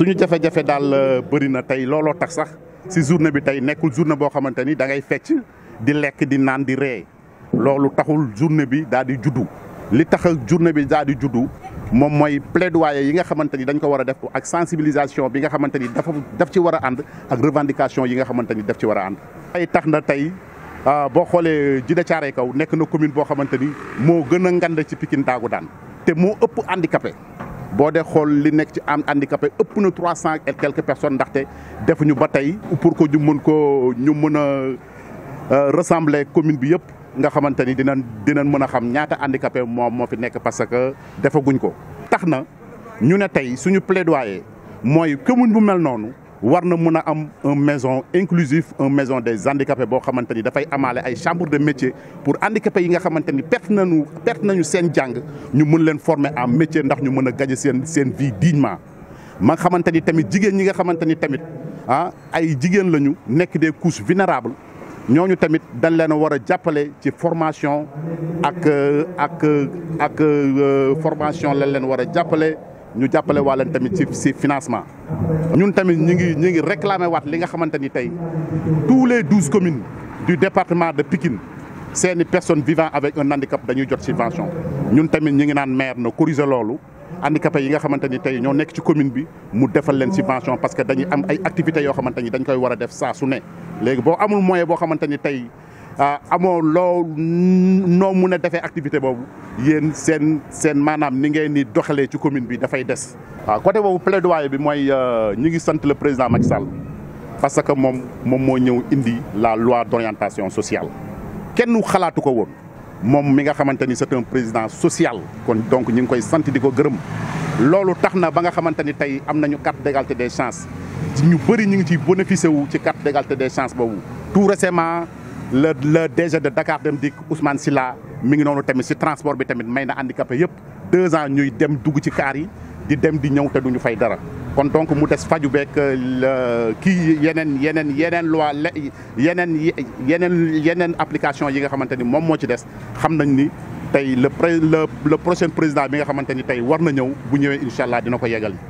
suñu jafe-jafe daal euh, bëri na tey looloo tax sax si journée bi tey nekkul journée boo xamante ni da ngay fecc di lekk di naan di ree loolu taxul journée bi daal di juddu li tax journée bi daal di juddu moom mooy plaidoyer yi nga xamante ni dañ ko war a def ak sensibilisation bi nga xamante ni dafa daf ci war a ànd ak revendication yi nga xamante ni daf ci war a ànd. tey tax na tey euh, boo xoolee Djida Thiaroye Kaw nekk na commune boo xamante ni moo gën a ngand ci Pikine daan te moo ëpp handicapé. boo de xool li nekk ci am handicapé ëpp na trois cent et quelques personnes ndaxte defuñu ba tey pour que ñu mën ko ñu mën a euh, rassembler commune bi yëpp nga xamante ni dinañ dinañ mën a xam ñaata handicapé moom moo fi nekk parce que defaguñ ko. tax na ñu ne tey suñu plaidoyer mooy commune bu mel noonu. war na mun a am maison inclusif un maison des handicapés boo xamante ni dafay amaale ay chambre de métier pour handicapés yi nga xamante ni perte nañu perte nañu seen jàng ñu mun leen former en métier ndax ñu mën a gaje seen seen vie dignement ma nga xamante ni tamit jigéen ñi nga xamante ni tamit ah ay jigéen lañu nekk des couche vulnérables ñooñu tamit dañ leen a war a jàppale ci formation ak euh, ak euh, ak euh, formation lañ leen war a jàppale ñu jàppale waa leen tamit ci ci financement ñun tamit ñu ngi ñu ngi réclamer waat li nga xamante ni tey tous les douze communes du département de Pikine seeni personnes vivant avec un handicap dañuy jot subvention ñun tamit ñu ngi naan maire na corriger loolu handicapés yi nga xamante ni tey ñoo nekk ci commune bi mu defal leen subvention parce que dañuy am ay activité yoo xamante ni dañ koy war a def saa su ne boo amul moyen boo xamante ni tey Ah, amoo loo noo mun a defee activité boobu yéen seen seen maanaam ni ngeen ni doxalee ci commune bi dafay des. waaw ah, côté boobu plaidoyer bi mooy euh, ñu ngi sant le président Macky Sall parce que moom moom moo ñëw indi la loi d'orientation sociale kenn xalaatu ko woon moom mi nga xamante ni c'est un président social kon donc ñu ngi koy sant di ko gërëm. loolu tax na ba nga xamante ni tey am nañu carte d'égalité des chance ñu bëri ñu ngi ci bénéficié wu ci carte d'égalité des chances boobu le le DG de Dakar Dem Dikk si la mi ngi noonu tamit ci transport bi tamit may na handicapé yëpp deux ans ñuy dem dugg ci kaar yi di dem di ñëw te duñu fay dara kon donc mu des faju beeg euh, kii yeneen yeneen yeneen loi yeneen yeneen yeneen application yi nga xamante ni moom moo ci des xam nañ ni tey le le prochain président bi nga xamante ni tey war na ñëw bu ñëwee incha allah dina ko yegal